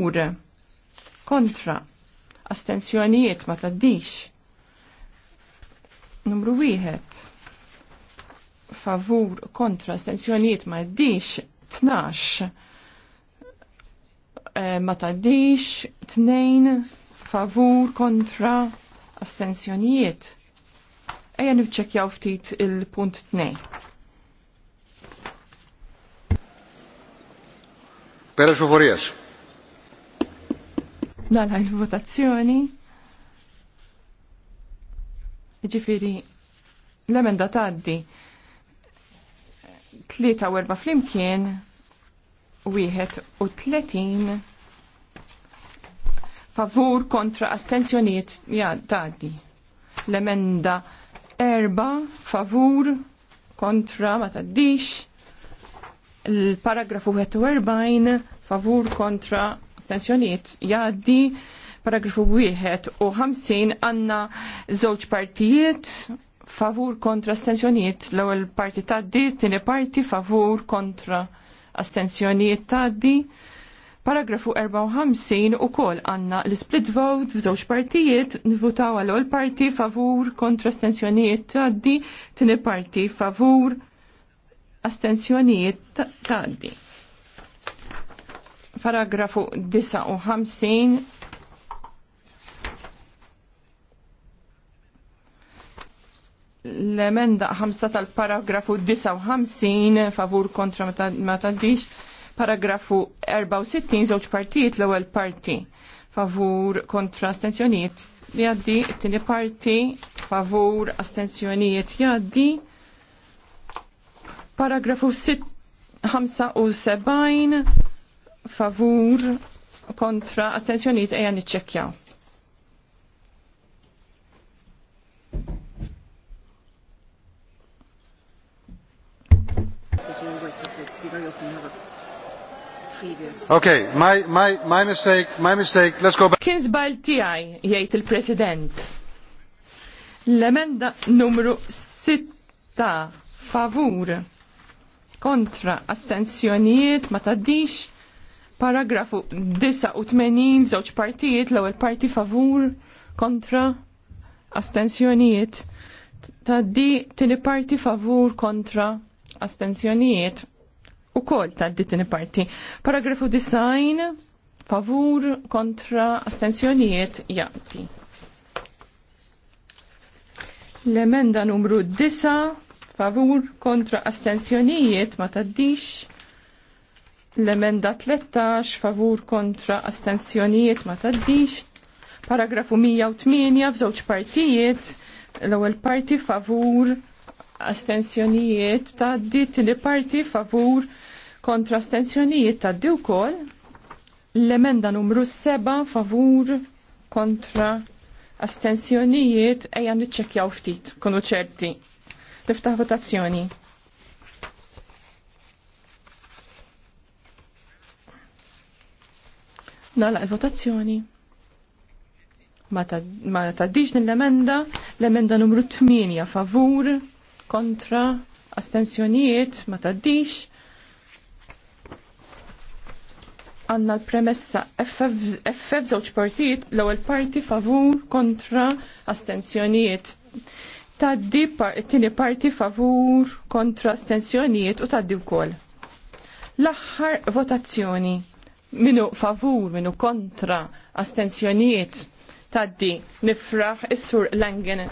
Ure, kontra, astensjonijiet ma taddix. Numru wieħed, favur, kontra, astensjonijiet ma taddix, tnax, e, ma taddix, tnejn, favur, kontra, astensjonijiet. Eja nifċekjaw ftit il-punt tnejn. Pera xufurijas. Nala il-votazzjoni. Ġifiri, l-emenda taddi. Tlieta u erba flimkien, wieħed u tletin favur kontra astenzjoniet ja taddi. L-emenda erba favur kontra ma taddix. Il-paragrafu 41 favur kontra astensjoniet jgħaddi paragrafu 1 u 50 għanna żewġ partijiet favur kontra astensjoniet l-ewwel parti tgħaddi, tini parti favur kontra astensjoniet tgħaddi. Paragrafu 54 u kol għanna l-split vote f'żewġ partijiet nvutaw għal ol parti favur kontra astensjonijiet taddi, tini parti favur astensjonijiet taddi. Paragrafu 59 l-emenda 5 tal-paragrafu 59 favur kontra ma tal-dix paragrafu 64 żewġ partijiet l-ewwel parti favur kontra astenzjonijiet li għaddi t-tini parti favur astenzjonijiet jaddi paragrafu 75 favur kontra astenzjoniet eja niċċekjaw. Ok, my, my, my mistake, my mistake, let's go back. Kien zbal tiegħi jgħid il-President. L-emenda numru 6 favur kontra astensjonijiet ma taddix Paragrafu 89 żewġ partijiet l-ewwel parti favur kontra astensjonijiet. Ta' di tini parti favur kontra astensjonijiet. U kol ta' di tini parti. Paragrafu design favur kontra astensjonijiet jaqti. L-emenda numru 9 favur kontra astensjonijiet ma taddix. L-emenda 13 favur kontra astensjonijiet ma taddix. Paragrafu 108 f'żewġ partijiet. L-ewwel parti favur astensjonijiet taddi, tieni parti favur kontra astensjonijiet taddi wkoll. L-emenda numru 7 favur kontra astensjonijiet ejja niċċekjaw ftit, konu ċerti. Niftaħ votazzjoni. Nala il-votazzjoni. Ma taddix din l-emenda, l-emenda numru 8 favur, kontra, astensjonijiet, ma taddix. Għanna l-premessa FF żewġ partijiet, l-ewwel parti favur, kontra, astensjonijiet. Taddi it tini parti favur, kontra, astensjonijiet u taddi wkoll. L-aħħar votazzjoni minu favur, minu kontra, astensjoniet taddi nifraħ is-sur Langen.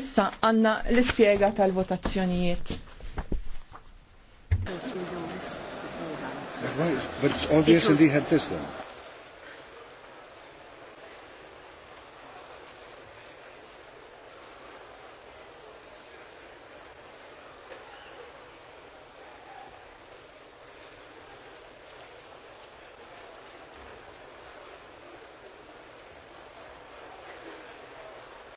Issa għanna l-ispiega tal-votazzjonijiet. but all the S&D had this then.